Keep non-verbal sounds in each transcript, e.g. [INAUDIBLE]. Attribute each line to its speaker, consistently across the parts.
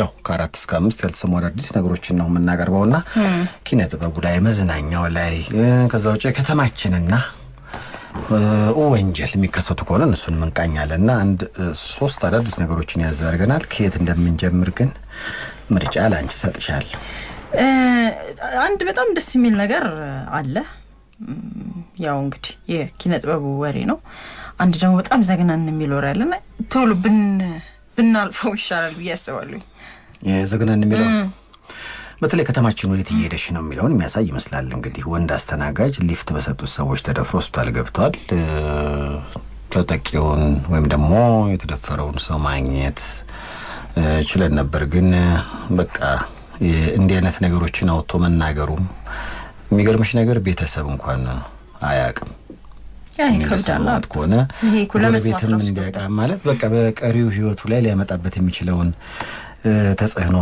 Speaker 1: ያው ከአራት እስከ አምስት ያልተሰሙ አዳዲስ ነገሮችን ነው የምናቀርበው ና ኪነ ጥበቡ ላይ መዝናኛው ላይ ከዛ ውጭ ከተማችንና ወንጀል የሚከሰቱ ከሆነ እሱን እንቃኛለን እና አንድ ሶስት አዳዲስ ነገሮችን ያዘርገናል። ከየት እንደምንጀምር ግን ምርጫ ለአንቺ ሰጥሻለሁ።
Speaker 2: አንድ በጣም ደስ የሚል ነገር አለ። ያው እንግዲህ የኪነ ጥበቡ ወሬ ነው። አንድ ደግሞ በጣም ዘግናን የሚል ወሬ አለና ቶሎ ብን ብናልፈው ይሻላል ብዬ አስባለሁ።
Speaker 1: የዘግነን የሚለው በተለይ ከተማችን ወዴት እየሄደች ነው የሚለውን የሚያሳይ ይመስላል። እንግዲህ ወንድ አስተናጋጅ ሊፍት በሰጡት ሰዎች ተደፍሮ ሆስፒታል ገብቷል። ተጠቂውን ወይም ደግሞ የተደፈረውን ሰው ማግኘት ችለን ነበር፣ ግን በቃ እንዲህ አይነት ነገሮችን አውጥቶ መናገሩም የሚገርምሽ ነገር ቤተሰብ እንኳን አያውቅም።
Speaker 2: የሚሰማት ከሆነ ጎረቤትም እንዲያውቃ
Speaker 1: ማለት በቃ በቀሪው ህይወቱ ላይ ሊያመጣበት የሚችለውን ተጽዕኖ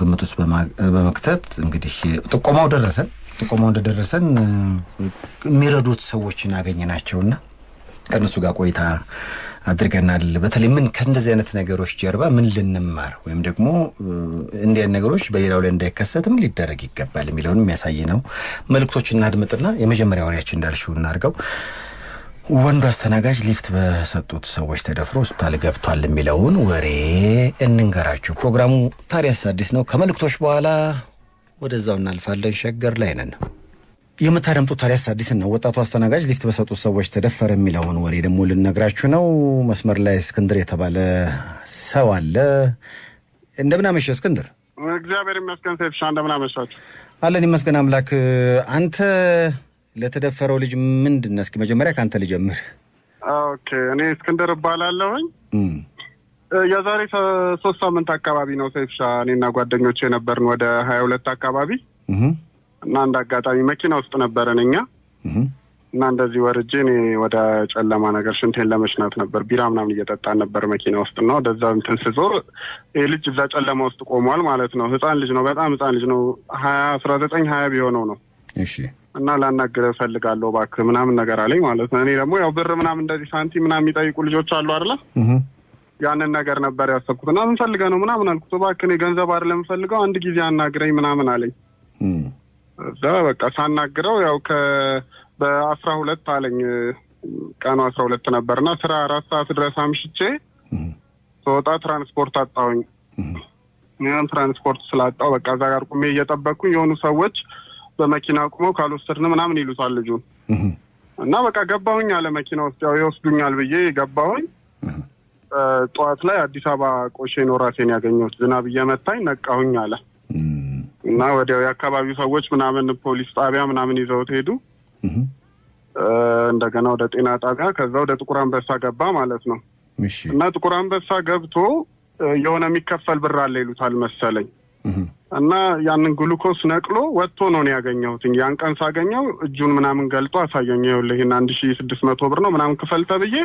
Speaker 1: ግምት ውስጥ በመክተት እንግዲህ ጥቆማው ደረሰን። ጥቆማው እንደደረሰን የሚረዱት ሰዎችን አገኘናቸውና ከእነሱ ጋር ቆይታ አድርገናል። በተለይ ምን ከእንደዚህ አይነት ነገሮች ጀርባ ምን ልንማር ወይም ደግሞ እንዲህ ነገሮች በሌላው ላይ እንዳይከሰት ምን ሊደረግ ይገባል የሚለውን የሚያሳይ ነው። መልእክቶች እናድምጥና የመጀመሪያ ወሬያችን እንዳልሽው እናድርገው። ወንዱ አስተናጋጅ ሊፍት በሰጡት ሰዎች ተደፍሮ ሆስፒታል ገብቷል የሚለውን ወሬ እንንገራችሁ። ፕሮግራሙ ታዲያስ አዲስ ነው። ከመልእክቶች በኋላ ወደዛው እናልፋለን። ሸገር ላይ ነን። የምታደምጡት ታዲያስ አዲስ ነው። ወጣቱ አስተናጋጅ ሊፍት በሰጡት ሰዎች ተደፈረ የሚለውን ወሬ ደግሞ ልነግራችሁ ነው። መስመር ላይ እስክንድር የተባለ ሰው አለ። እንደምናመሸ እስክንድር።
Speaker 3: እግዚአብሔር ይመስገን ሴፍሻ፣ እንደምናመሻችሁ።
Speaker 1: አለን ይመስገን አምላክ። አንተ ለተደፈረው ልጅ ምንድን ነው? እስኪ መጀመሪያ ከአንተ ልጀምር።
Speaker 3: ኦኬ፣ እኔ እስክንድር እባላለሁኝ። የዛሬ ሶስት ሳምንት አካባቢ ነው ሰይፍሻ፣ እኔና ጓደኞች የነበርን ወደ ሀያ ሁለት አካባቢ እና አንድ አጋጣሚ መኪና ውስጥ ነበረን እኛ እና እንደዚህ ወርጄ እኔ ወደ ጨለማ ነገር ሽንቴን ለመሽናት ነበር። ቢራ ምናምን እየጠጣን ነበር መኪና ውስጥ እና ወደዛ እንትን ስዞር ይህ ልጅ እዛ ጨለማ ውስጥ ቆሟል ማለት ነው። ህፃን ልጅ ነው፣ በጣም ህፃን ልጅ ነው። ሀያ አስራ ዘጠኝ ሀያ ቢሆነው ነው። እሺ እና ላናግርህ እፈልጋለሁ እባክህ ምናምን ነገር አለኝ ማለት ነው። እኔ ደግሞ ያው ብር ምናምን እንደዚህ ሳንቲ ምናምን የሚጠይቁ ልጆች አሉ አይደለ? ያንን ነገር ነበር ያሰብኩት እና ምን ነው ምናምን አልኩት። እባክህ እኔ ገንዘብ አይደለም የምፈልገው አንድ ጊዜ አናግረኝ ምናምን አለኝ። እዛ በቃ ሳናግረው ያው በአስራ ሁለት አለኝ ቀኑ አስራ ሁለት ነበር እና ስራ አራት ሰዓት ድረስ አምሽቼ ስወጣ ትራንስፖርት አጣሁኝ። ያም ትራንስፖርት ስላጣው በቃ እዛ ጋር ቁሜ እየጠበቅኩኝ የሆኑ ሰዎች በመኪና ቁመው ካልወሰድን ምናምን ይሉታል ልጁን እና በቃ ገባሁኝ አለ መኪና ውስጥ ያው ይወስዱኛል ብዬ ገባሁኝ። ጠዋት ላይ አዲስ አበባ ቆሼ ነው ራሴን ያገኘሁት። ዝናብ እየመታኝ ነቃሁኝ አለ እና ወዲያው የአካባቢው ሰዎች ምናምን ፖሊስ ጣቢያ ምናምን ይዘውት ሄዱ። እንደገና ወደ ጤና ጣቢያ ከዛ ወደ ጥቁር አንበሳ ገባ ማለት ነው። እና ጥቁር አንበሳ ገብቶ የሆነ የሚከፈል ብር አለ ይሉታል መሰለኝ እና ያንን ግሉኮስ ነቅሎ ወጥቶ ነው ያገኘሁት። ያን ቀን ሳገኘው እጁን ምናምን ገልጦ አሳየኝ። ይኸውልህ አንድ ሺ ስድስት መቶ ብር ነው ምናምን ክፈል ተብዬ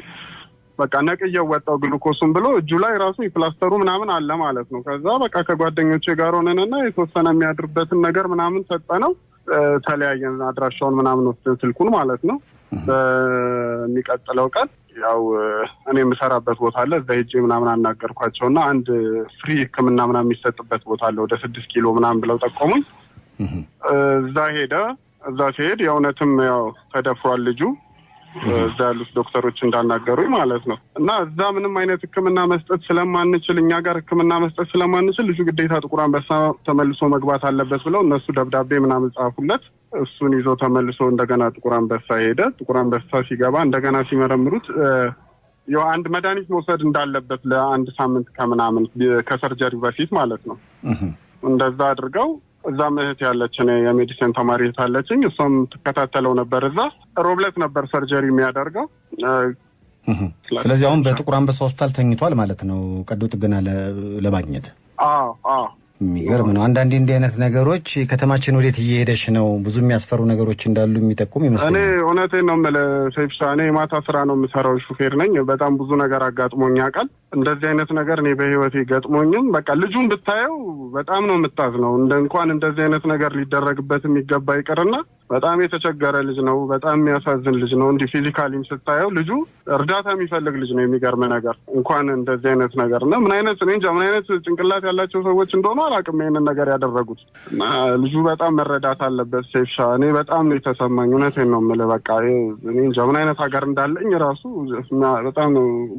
Speaker 3: በቃ ነቅየው ወጣው ግሉኮሱን ብሎ እጁ ላይ ራሱ የፕላስተሩ ምናምን አለ ማለት ነው። ከዛ በቃ ከጓደኞቼ ጋር ሆነንና የተወሰነ የሚያድርበትን ነገር ምናምን ነው ተለያየን። አድራሻውን ምናምን ወስደን ስልኩን ማለት ነው። በሚቀጥለው ቀን ያው እኔ የምሰራበት ቦታ አለ እዛ ሄጄ ምናምን አናገርኳቸው እና አንድ ፍሪ ህክምና ምናምን የሚሰጥበት ቦታ አለ ወደ ስድስት ኪሎ ምናምን ብለው ጠቆሙኝ። እዛ ሄደ። እዛ ሲሄድ የእውነትም ያው ተደፍሯል ልጁ እዛ ያሉት ዶክተሮች እንዳናገሩኝ ማለት ነው። እና እዛ ምንም አይነት ህክምና መስጠት ስለማንችል እኛ ጋር ህክምና መስጠት ስለማንችል ልጁ ግዴታ ጥቁር አንበሳ ተመልሶ መግባት አለበት ብለው እነሱ ደብዳቤ ምናምን ጻፉለት። እሱን ይዞ ተመልሶ እንደገና ጥቁር አንበሳ ሄደ። ጥቁር አንበሳ ሲገባ እንደገና ሲመረምሩት ያው አንድ መድኃኒት መውሰድ እንዳለበት ለአንድ ሳምንት ከምናምን ከሰርጀሪ በፊት ማለት ነው። እንደዛ አድርገው እዛም እህት ያለች የሜዲሲን ተማሪ እህት አለችኝ። እሷም ትከታተለው ነበር። እዛ ሮብለት ነበር ሰርጀሪ የሚያደርገው።
Speaker 1: ስለዚህ አሁን በጥቁር አንበሳ ሆስፒታል ተኝቷል ማለት ነው ቀዶ ጥገና ለማግኘት። አዎ አዎ የሚገርም ነው። አንዳንዴ እንዲህ አይነት ነገሮች ከተማችን ወዴት እየሄደች ነው፣ ብዙ የሚያስፈሩ ነገሮች እንዳሉ የሚጠቁም ይመስላል።
Speaker 3: እኔ እውነቴ ነው የምልህ ሰይፍሻ፣ እኔ የማታ ስራ ነው የምሰራው፣ ሹፌር ነኝ። በጣም ብዙ ነገር አጋጥሞኝ ያውቃል። እንደዚህ አይነት ነገር እኔ በህይወቴ ገጥሞኝም፣ በቃ ልጁን ብታየው በጣም ነው የምታዝ ነው እንደ እንኳን እንደዚህ አይነት ነገር ሊደረግበት የሚገባ ይቅርና በጣም የተቸገረ ልጅ ነው። በጣም የሚያሳዝን ልጅ ነው። እንዲህ ፊዚካሊም ስታየው ልጁ እርዳታ የሚፈልግ ልጅ ነው። የሚገርም ነገር እንኳን እንደዚህ አይነት ነገር እና ምን አይነት እኔ እንጃ ምን አይነት ጭንቅላት ያላቸው ሰዎች እንደሆኑ አላውቅም ይህንን ነገር ያደረጉት እና ልጁ በጣም መረዳት አለበት። ሴፍሻ እኔ በጣም ነው የተሰማኝ። እውነቴን ነው የምልህ። በቃ እኔ እንጃ ምን አይነት ሀገር እንዳለኝ ራሱ በጣም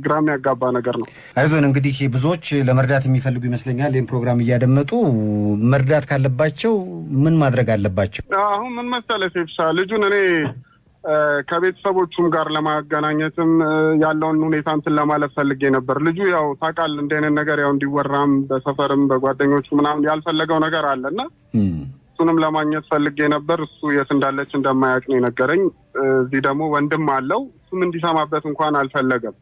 Speaker 3: ግራ የሚያጋባ ነገር ነው።
Speaker 1: አይዞን እንግዲህ ብዙዎች ለመርዳት የሚፈልጉ ይመስለኛል ይህን ፕሮግራም እያደመጡ መርዳት ካለባቸው ምን ማድረግ አለባቸው?
Speaker 3: አሁን ምን መሰለህ ለሴፍሻ ልጁን እኔ ከቤተሰቦቹም ጋር ለማገናኘትም ያለውን ሁኔታ እንትን ለማለት ፈልጌ ነበር። ልጁ ያው ታቃል እንዲህ ነገር ያው እንዲወራም በሰፈርም በጓደኞቹ ምናምን ያልፈለገው ነገር አለ እና እሱንም ለማግኘት ፈልጌ ነበር። እሱ የት እንዳለች እንደማያቅ ነው የነገረኝ። እዚህ ደግሞ ወንድም አለው እሱም እንዲሰማበት እንኳን አልፈለገም።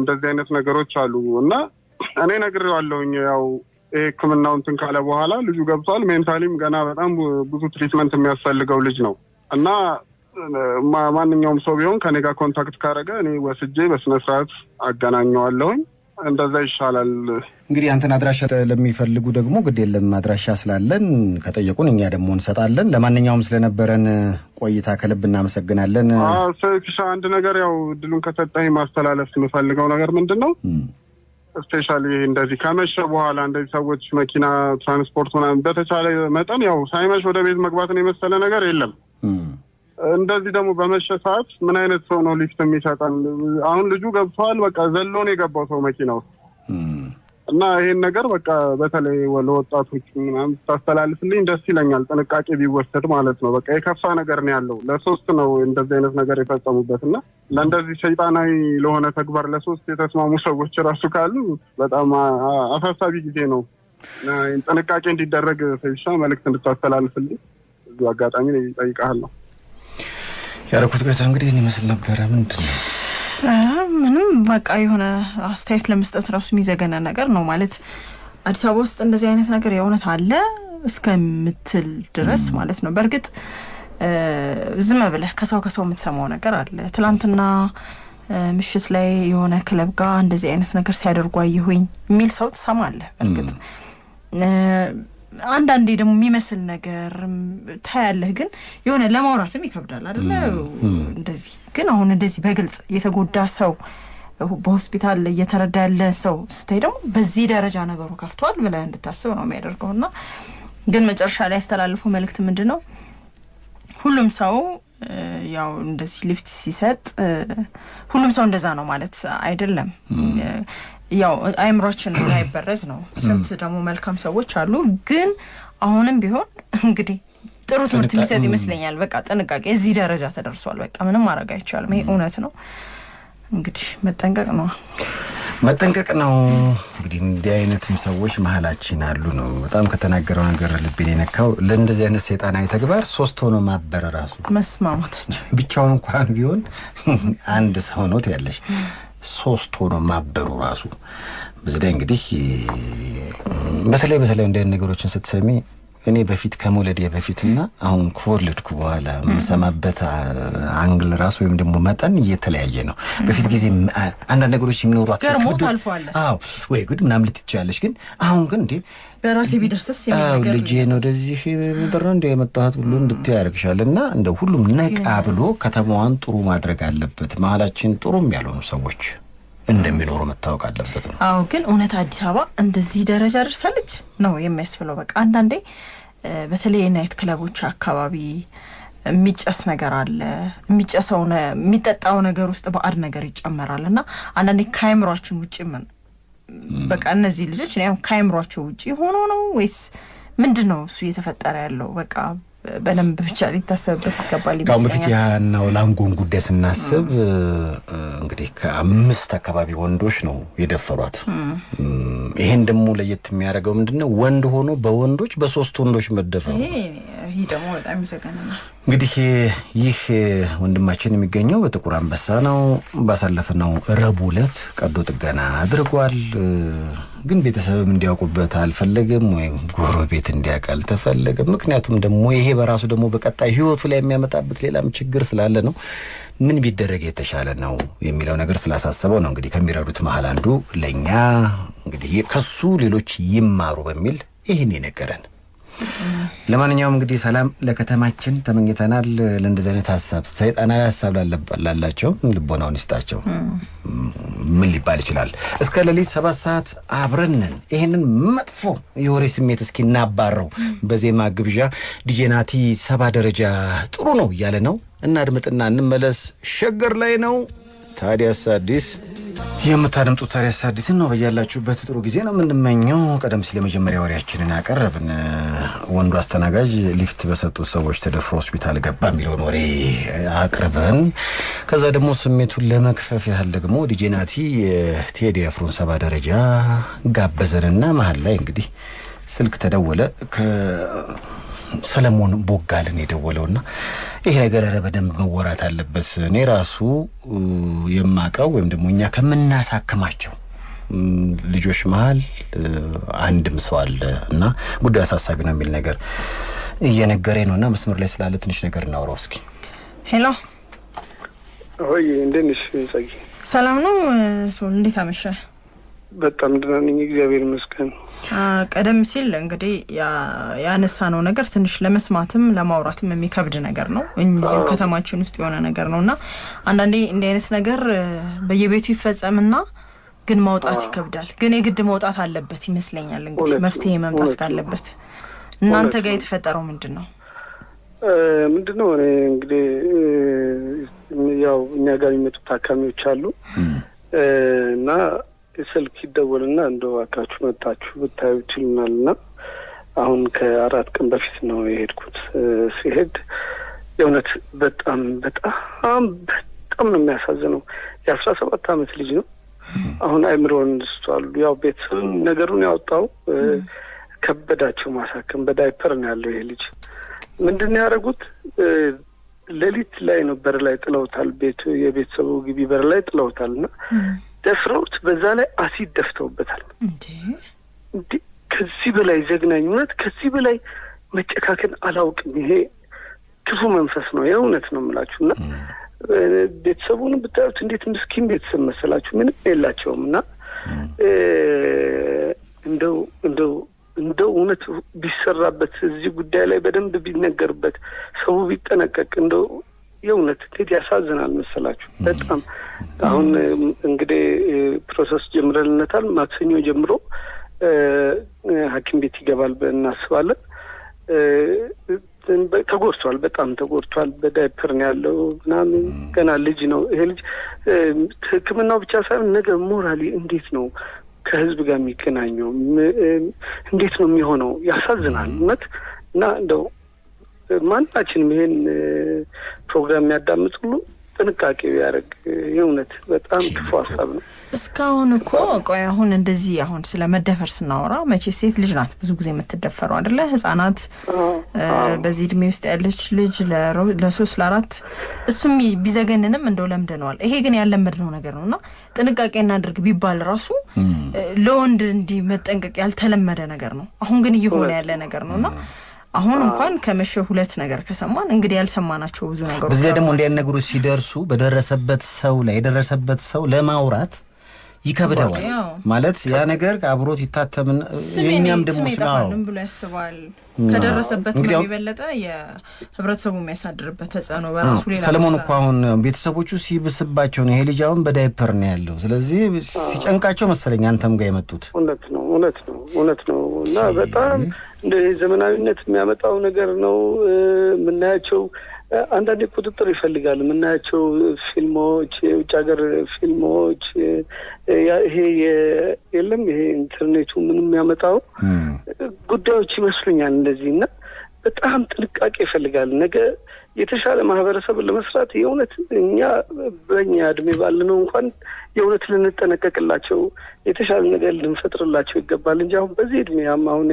Speaker 3: እንደዚህ አይነት ነገሮች አሉ እና እኔ ያለውኝ ያው ህክምናው እንትን ካለ በኋላ ልጁ ገብቷል። ሜንታሊም ገና በጣም ብዙ ትሪትመንት የሚያስፈልገው ልጅ ነው እና ማንኛውም ሰው ቢሆን ከኔ ጋር ኮንታክት ካደረገ እኔ ወስጄ በስነስርዓት አገናኘዋለሁኝ። እንደዛ ይሻላል።
Speaker 1: እንግዲህ አንተን አድራሻ ለሚፈልጉ ደግሞ ግድ የለም አድራሻ ስላለን ከጠየቁን እኛ ደግሞ እንሰጣለን። ለማንኛውም ስለነበረን ቆይታ ከልብ እናመሰግናለን።
Speaker 3: ፊሻ አንድ ነገር ያው እድሉን ከሰጠኝ ማስተላለፍ የምፈልገው ነገር ምንድን ነው ስፔሻሊ እንደዚህ ከመሸ በኋላ እንደዚህ ሰዎች መኪና ትራንስፖርት ምናምን በተቻለ መጠን ያው ሳይመሽ ወደ ቤት መግባትን የመሰለ ነገር የለም። እንደዚህ ደግሞ በመሸ ሰዓት ምን አይነት ሰው ነው ሊፍት የሚሰጠን? አሁን ልጁ ገብተዋል፣ በቃ ዘሎን የገባው ሰው መኪና ውስጥ እና ይሄን ነገር በቃ በተለይ ለወጣቶች ምናምን ታስተላልፍልኝ ደስ ይለኛል። ጥንቃቄ ቢወሰድ ማለት ነው። በቃ የከፋ ነገር ነው ያለው። ለሶስት ነው እንደዚህ አይነት ነገር የፈጸሙበት እና ለእንደዚህ ሰይጣናዊ ለሆነ ተግባር ለሶስት የተስማሙ ሰዎች ራሱ ካሉ በጣም አሳሳቢ ጊዜ ነው። ጥንቃቄ እንዲደረግ ፈይሻ መልእክት እንድታስተላልፍልኝ እዚሁ አጋጣሚ ነው
Speaker 1: ያረኩት። ገታ እንግዲህ ይመስል ነበረ ምንድን ነው
Speaker 2: ምንም በቃ የሆነ አስተያየት ለመስጠት ራሱ የሚዘገነ ነገር ነው ማለት አዲስ አበባ ውስጥ እንደዚህ አይነት ነገር የእውነት አለ እስከምትል ድረስ ማለት ነው። በእርግጥ ዝም ብለህ ከሰው ከሰው የምትሰማው ነገር አለ። ትላንትና ምሽት ላይ የሆነ ክለብ ጋር እንደዚህ አይነት ነገር ሲያደርጉ አየሁኝ የሚል ሰው ትሰማለህ። በእርግጥ አንዳንዴ ደግሞ የሚመስል ነገር ታያለህ፣ ግን የሆነ ለማውራትም ይከብዳል አይደለ? እንደዚህ ግን አሁን እንደዚህ በግልጽ የተጎዳ ሰው በሆስፒታል እየተረዳ ያለ ሰው ስታይ ደግሞ በዚህ ደረጃ ነገሩ ከፍቷል ብለህ እንድታስብ ነው የሚያደርገው። እና ግን መጨረሻ ላይ ያስተላልፈው መልእክት ምንድን ነው? ሁሉም ሰው ያው እንደዚህ ሊፍት ሲሰጥ ሁሉም ሰው እንደዛ ነው ማለት አይደለም። ያው አይምሮችን እንዳይበረዝ ነው። ስንት [CLEARS THROAT] ደግሞ መልካም ሰዎች አሉ። ግን አሁንም ቢሆን እንግዲህ ጥሩ ትምህርት የሚሰጥ ይመስለኛል። በቃ ጥንቃቄ እዚህ ደረጃ ተደርሷል። በቃ ምንም ማድረግ አይቻልም። ይሄ እውነት ነው። እንግዲህ መጠንቀቅ ነው
Speaker 1: መጠንቀቅ ነው። እንግዲህ እንዲህ አይነትም ሰዎች መሀላችን አሉ ነው። በጣም ከተናገረው ነገር ልቤን የነካው ለእንደዚህ አይነት ሰይጣናዊ ተግባር ሶስት ሆኖ ማበር ራሱ
Speaker 2: መስማማታቸው
Speaker 1: ብቻውን እንኳን ቢሆን አንድ ሰው ነው ትያለሽ ሶስት ሆኖ ማበሩ ራሱ በዚህ ላይ እንግዲህ በተለይ በተለይ እንደ ነገሮችን ስትሰሚ እኔ በፊት ከመውለዴ በፊትና አሁን ከወለድኩ በኋላ የምሰማበት አንግል ራሱ ወይም ደግሞ መጠን እየተለያየ ነው። በፊት ጊዜ አንዳንድ ነገሮች የሚኖሯት አዎ ወይ ጉድ ምናምን ልትችላለች፣ ግን አሁን ግን እንዴ
Speaker 2: በራሴ ቢደርስስ
Speaker 1: ልጄን ወደዚህ ምድር እንደ የመጣሁት ሁሉ እንድት ያደርግሻል። እና እንደ ሁሉም ነቃ ብሎ ከተማዋን ጥሩ ማድረግ አለበት። መሀላችን ጥሩም ያልሆኑ ሰዎች እንደሚኖሩ መታወቅ አለበት ነው።
Speaker 2: አዎ ግን እውነት አዲስ አበባ እንደዚህ ደረጃ ደርሳለች ነው የሚያስብለው። በቃ አንዳንዴ በተለይ ናይት ክለቦች አካባቢ የሚጨስ ነገር አለ። የሚጨሰው የሚጠጣው ነገር ውስጥ ባዕድ ነገር ይጨመራል እና አንዳንዴ ከአይምሯችን ውጭ ምን በቃ እነዚህ ልጆች ከአይምሯቸው ውጭ ሆኖ ነው ወይስ ምንድን ነው እሱ እየተፈጠረ ያለው? በቃ በደንብ ብቻ ሊታሰብበት ይገባል
Speaker 1: ይመስለኛል። በፊት ያናው ላንጎን ጉዳይ ስናስብ እንግዲህ ከአምስት አካባቢ ወንዶች ነው የደፈሯት። ይሄን ደግሞ ለየት የሚያደርገው ምንድነው? ወንድ ሆኖ በወንዶች በሶስት ወንዶች መደፈሩ
Speaker 2: ይሄ ደግሞ በጣም ይዘገንናል።
Speaker 1: እንግዲህ ይህ ወንድማችን የሚገኘው በጥቁር አንበሳ ነው። ባሳለፍነው ረቡዕ ዕለት ቀዶ ጥገና አድርጓል። ግን ቤተሰብም እንዲያውቁበት አልፈለገም፣ ወይም ጎረቤት እንዲያውቅ አልተፈለገም። ምክንያቱም ደግሞ ይሄ በራሱ ደግሞ በቀጣይ ህይወቱ ላይ የሚያመጣበት ሌላም ችግር ስላለ ነው። ምን ቢደረግ የተሻለ ነው የሚለው ነገር ስላሳሰበው ነው። እንግዲህ ከሚረዱት መሀል አንዱ ለእኛ እንግዲህ ከሱ ሌሎች ይማሩ በሚል ይህን የነገረን ለማንኛውም እንግዲህ ሰላም ለከተማችን ተመኝተናል። ለእንደዚህ አይነት ሀሳብ ሰይጣናዊ ሀሳብ ላላቸው ልቦናውን ይስጣቸው። ምን ሊባል ይችላል? እስከ ሌሊት ሰባት ሰዓት አብረንን ይህንን መጥፎ የወሬ ስሜት እስኪ እናባረው። በዜማ ግብዣ ዲጄናቲ ሰባ ደረጃ ጥሩ ነው እያለ ነው። እናድምጥና እንመለስ። ሸገር ላይ ነው ታዲያስ አዲስ የምታደምጡት ታዲያስ አዲስን ነው። በያላችሁበት ጥሩ ጊዜ ነው የምንመኘው። ቀደም ሲል የመጀመሪያ ወሬያችንን ያቀረብን ወንዱ አስተናጋጅ ሊፍት በሰጡት ሰዎች ተደፍሮ ሆስፒታል ገባ የሚለውን ወሬ አቅርበን ከዛ ደግሞ ስሜቱን ለመክፈፍ ያህል ደግሞ ዲጄ ናቲ ቴዲ አፍሮን ሰባ ደረጃ ጋበዘንና መሀል ላይ እንግዲህ ስልክ ተደወለ ሰለሞን ቦጋልን የደወለውና ይሄ ነገር ረ በደንብ መወራት አለበት። እኔ ራሱ የማቀው ወይም ደግሞ እኛ ከምናሳክማቸው ልጆች መሀል አንድም ሰው አለ እና ጉዳዩ አሳሳቢ ነው የሚል ነገር እየነገሬ ነው እና መስመር ላይ ስላለ ትንሽ ነገር እናውራው እስኪ።
Speaker 2: ሄሎ
Speaker 4: ሆይ፣ እንዴት ነሽ ጸጊ?
Speaker 2: ሰላም ነው ሶል፣ እንዴት አመሻ?
Speaker 4: በጣም ደህና ነኝ፣ እግዚአብሔር ይመስገን።
Speaker 2: ቀደም ሲል እንግዲህ ያነሳ ነው ነገር ትንሽ ለመስማትም ለማውራትም የሚከብድ ነገር ነው። እዚሁ ከተማችን ውስጥ የሆነ ነገር ነው እና አንዳንዴ እንዲህ አይነት ነገር በየቤቱ ይፈጸምና ግን ማውጣት ይከብዳል። ግን የግድ መውጣት አለበት ይመስለኛል። እንግዲህ መፍትሄ መምጣት ካለበት እናንተ ጋር የተፈጠረው ምንድን ነው?
Speaker 4: ምንድን ነው እኔ እንግዲህ ያው እኛ ጋር የሚመጡት ታካሚዎች አሉ እና ስልክ ይደወልና እንደ እባካችሁ መጣችሁ ችልናል ና አሁን ከአራት ቀን በፊት ነው የሄድኩት። ሲሄድ የእውነት በጣም በጣም በጣም ነው የሚያሳዝነው። የአስራ ሰባት አመት ልጅ ነው አሁን አይምሮን ስቷሉ። ያው ቤተሰብ ነገሩን ያወጣው ከበዳቸው ማሳከም። በዳይፐር ነው ያለው ይሄ ልጅ። ምንድን ነው ያደረጉት? ሌሊት ላይ ነው በር ላይ ጥለውታል። ቤቱ የቤተሰቡ ግቢ በር ላይ ጥለውታል እና ደፍረውት በዛ ላይ አሲድ ደፍተውበታል። ከዚህ በላይ ዘግናኝ ከዚህ በላይ መጨካከን አላውቅም። ይሄ ክፉ መንፈስ ነው፣ የእውነት ነው የምላችሁ እና ቤተሰቡን ብታዩት እንዴት ምስኪን ቤተሰብ መሰላችሁ። ምንም የላቸውም እና እንደው እንደው እንደው እውነት ቢሰራበት እዚህ ጉዳይ ላይ በደንብ ቢነገርበት ሰው ቢጠነቀቅ እንደው የእውነት እንዴት ያሳዝናል መሰላችሁ። በጣም አሁን እንግዲህ ፕሮሰስ ጀምረልነታል። ማክሰኞ ጀምሮ ሀኪም ቤት ይገባል እናስባለን። ተጎድቷል፣ በጣም ተጎድቷል። በዳይፐር ነው ያለው ምናምን ገና ልጅ ነው ይሄ ልጅ። ህክምናው ብቻ ሳይሆን ነገ ሞራሊ እንዴት ነው ከህዝብ ጋር የሚገናኘው እንዴት ነው የሚሆነው? ያሳዝናል እውነት እና እንደው ማናችንም ይሄን ፕሮግራም የሚያዳምጥ ሁሉ ጥንቃቄ ቢያደርግ የእውነት በጣም ክፉ ሀሳብ ነው።
Speaker 2: እስካሁን እኮ ቆይ አሁን እንደዚህ አሁን ስለ መደፈር ስናወራ መቼ ሴት ልጅ ናት ብዙ ጊዜ የምትደፈረው አይደለ? ህጻናት በዚህ እድሜ ውስጥ ያለች ልጅ ለሶስት ለአራት እሱም ቢዘገንንም እንደው ለምደነዋል። ይሄ ግን ያለመድነው ነገር ነው እና ጥንቃቄ እናድርግ ቢባል ራሱ ለወንድ እንዲህ መጠንቀቅ ያልተለመደ ነገር ነው። አሁን ግን እየሆነ ያለ ነገር ነው እና አሁን እንኳን ከመሸ ሁለት ነገር ከሰማን እንግዲህ ያልሰማናቸው ብዙ ነገሮች
Speaker 1: በዚህ ላይ ደግሞ እንዲህ ዓይነት ሲደርሱ በደረሰበት ሰው ላይ የደረሰበት ሰው ለማውራት ይከብደዋል ማለት ያ ነገር አብሮት ይታተምን የኛም ደግሞ ስም ብሎ ያስባል።
Speaker 2: ከደረሰበት ነው የበለጠ የህብረተሰቡ የሚያሳድርበት ተጽዕኖ
Speaker 1: በራሱ ሌላ። ሰለሞን እኮ አሁን ቤተሰቦቹ ሲብስባቸው ነው ይሄ ልጅ አሁን በዳይፐር ነው ያለው። ስለዚህ ሲጨንቃቸው መሰለኝ አንተም ጋር የመጡት
Speaker 4: እውነት ነው እውነት ነው እውነት ነው እና በጣም እንደዚህ ዘመናዊነት የሚያመጣው ነገር ነው የምናያቸው አንዳንዴ ቁጥጥር ይፈልጋል የምናያቸው ፊልሞች፣ የውጭ ሀገር ፊልሞች ይሄ የለም ይሄ ኢንተርኔቱ ምን የሚያመጣው ጉዳዮች ይመስሉኛል እንደዚህ እና በጣም ጥንቃቄ ይፈልጋል። ነገ የተሻለ ማህበረሰብ ለመስራት የእውነት እኛ በኛ እድሜ ባለነው እንኳን የእውነት ልንጠነቀቅላቸው የተሻለ ነገር ልንፈጥርላቸው ይገባል እንጂ አሁን በዚህ እድሜ አሁን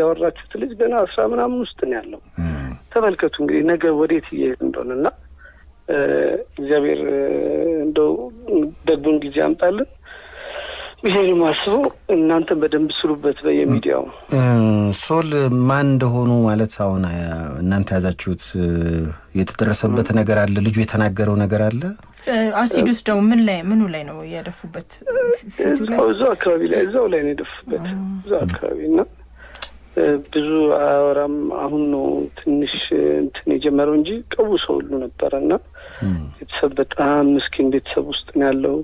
Speaker 4: ያወራችሁት ልጅ ገና አስራ ምናምን ውስጥ ነው ያለው። ተመልከቱ እንግዲህ ነገ ወዴት እየሄድ እንደሆነ እና እግዚአብሔር እንደው ደግቡን ጊዜ ያምጣልን። ይሄን ማስበው እናንተን በደንብ ስሩበት በየሚዲያው
Speaker 1: ሶል ማን እንደሆኑ ማለት አሁን እናንተ ያዛችሁት የተደረሰበት ነገር አለ ልጁ የተናገረው ነገር አለ
Speaker 2: አሲድ ውስጥ ደግሞ ምን ላይ ምኑ ላይ ነው እያደፉበት?
Speaker 4: እዛው አካባቢ ላይ እዛው ላይ ነው የደፉበት እዛው አካባቢ እና ብዙ አወራም። አሁን ነው ትንሽ እንትን የጀመረው እንጂ ሰው ሁሉ ነበረ እና ቤተሰብ በጣም ምስኪን ቤተሰብ ውስጥ ነው ያለው።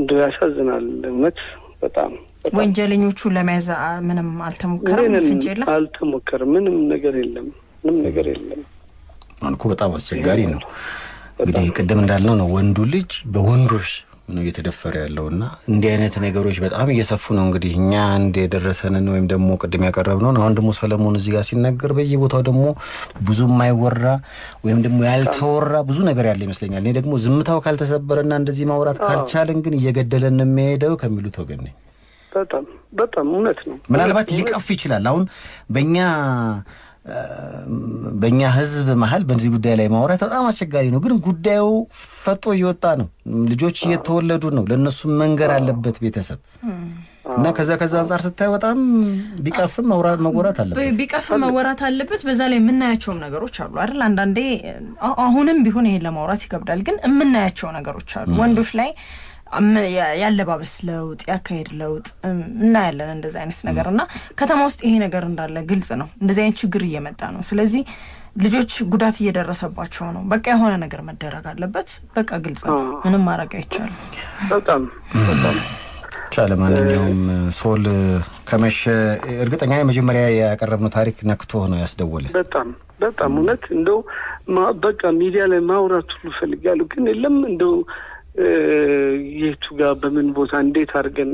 Speaker 4: እንደ ያሳዝናል እውነት በጣም
Speaker 2: ወንጀለኞቹ ለመያዝ ምንም አልተሞከረም፣ ፍንጭ የለም፣
Speaker 4: አልተሞከረም። ምንም ነገር የለም፣ ምንም ነገር የለም።
Speaker 1: አልኩ በጣም አስቸጋሪ ነው። እንግዲህ ቅድም እንዳልነው ነው ወንዱ ልጅ በወንዶች ነው እየተደፈረ ያለው እና እንዲህ አይነት ነገሮች በጣም እየሰፉ ነው። እንግዲህ እኛ አንድ የደረሰንን ወይም ደግሞ ቅድም ያቀረብነውን አሁን ደግሞ ሰለሞን እዚህ ጋር ሲናገር በየቦታው ደግሞ ብዙ የማይወራ ወይም ደግሞ ያልተወራ ብዙ ነገር ያለ ይመስለኛል። እኔ ደግሞ ዝምታው ካልተሰበረና እንደዚህ ማውራት ካልቻለን ግን እየገደለን የሚሄደው ከሚሉት ወገን
Speaker 4: በጣም በጣም እውነት ነው።
Speaker 1: ምናልባት ሊቀፍ ይችላል አሁን በእኛ በእኛ ህዝብ መሀል በዚህ ጉዳይ ላይ ማውራት በጣም አስቸጋሪ ነው። ግን ጉዳዩ ፈጦ እየወጣ ነው። ልጆች እየተወለዱ ነው። ለእነሱም መንገር አለበት ቤተሰብ እና ከዛ ከዛ አንጻር ስታይ በጣም ቢቀፍም መወራት አለበት፣
Speaker 2: ቢቀፍም መወራት አለበት። በዛ ላይ የምናያቸውም ነገሮች አሉ አይደል? አንዳንዴ አሁንም ቢሆን ይሄን ለማውራት ይከብዳል፣ ግን የምናያቸው ነገሮች አሉ ወንዶች ላይ ያለባበስ ለውጥ፣ ያካሄድ ለውጥ እናያለን። እንደዚህ አይነት ነገር እና ከተማ ውስጥ ይሄ ነገር እንዳለ ግልጽ ነው። እንደዚህ አይነት ችግር እየመጣ ነው። ስለዚህ ልጆች ጉዳት እየደረሰባቸው ነው። በቃ የሆነ ነገር መደረግ አለበት። በቃ ግልጽ ነው። ምንም ማድረግ አይቻልም።
Speaker 4: በጣም
Speaker 1: ብቻ ለማንኛውም ሶል ከመሸ እርግጠኛ መጀመሪያ ያቀረብነው ታሪክ ነክቶ ነው ያስደወለ።
Speaker 4: በጣም በጣም እውነት እንደው በቃ ሚዲያ ላይ ማውራት ሁሉ ፈልጋለሁ ግን የለም እንደው የቱ ጋር በምን ቦታ እንዴት አድርገን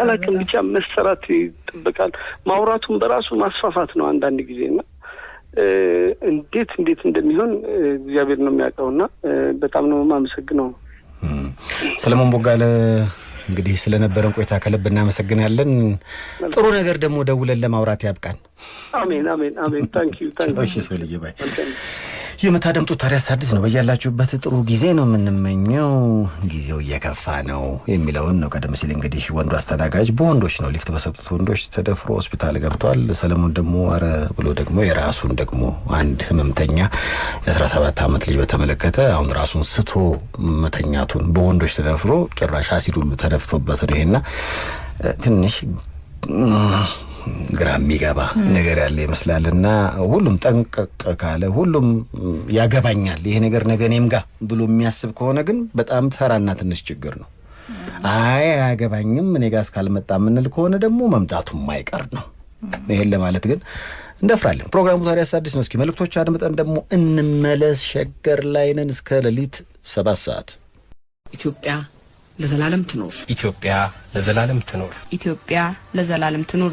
Speaker 4: አላቅም ብቻ መሰራት ይጠበቃል። ማውራቱን በራሱ ማስፋፋት ነው አንዳንድ ጊዜ ና እንዴት እንዴት እንደሚሆን እግዚአብሔር ነው የሚያውቀውና በጣም ነው የማመሰግነው።
Speaker 1: ሰለሞን ቦጋለ እንግዲህ ስለነበረን ቆይታ ከልብ እናመሰግናለን። ጥሩ ነገር ደግሞ ደውለን ለማውራት ያብቃን።
Speaker 4: አሜን አሜን አሜን። ታንኪዩ
Speaker 1: ታንኪዩ። እሺ ሰው ባይ የምታደምጡት ታዲያ ሳድስ ነው። በያላችሁበት ጥሩ ጊዜ ነው የምንመኘው። ጊዜው እየከፋ ነው የሚለውን ነው። ቀደም ሲል እንግዲህ ወንዱ አስተናጋጅ በወንዶች ነው ሊፍት በሰጡት ወንዶች ተደፍሮ ሆስፒታል ገብቷል። ሰለሞን ደግሞ አረ ብሎ ደግሞ የራሱን ደግሞ አንድ ህመምተኛ የአስራ ሰባት ዓመት ልጅ በተመለከተ አሁን ራሱን ስቶ መተኛቱን በወንዶች ተደፍሮ ጭራሽ አሲድ ሁሉ ተደፍቶበት ነው ይሄና ትንሽ ግራ የሚገባ ነገር ያለ ይመስላል እና ሁሉም ጠንቀቅ ካለ ሁሉም ያገባኛል ይሄ ነገር ነገ እኔም ጋ ብሎ የሚያስብ ከሆነ ግን በጣም ተራና ትንሽ ችግር ነው። አይ አያገባኝም እኔ ጋ እስካልመጣ የምንል ከሆነ ደግሞ መምጣቱ የማይቀር ነው። ይሄን ለማለት ግን እንደፍራለን። ፕሮግራሙ ታዲያስ አዲስ ነው። እስኪ መልእክቶች አድምጠን ደግሞ እንመለስ። ሸገር ላይ ነን እስከ ሌሊት ሰባት ሰዓት። ኢትዮጵያ ለዘላለም ትኖር! ኢትዮጵያ ለዘላለም ትኖር! ኢትዮጵያ ለዘላለም ትኖር!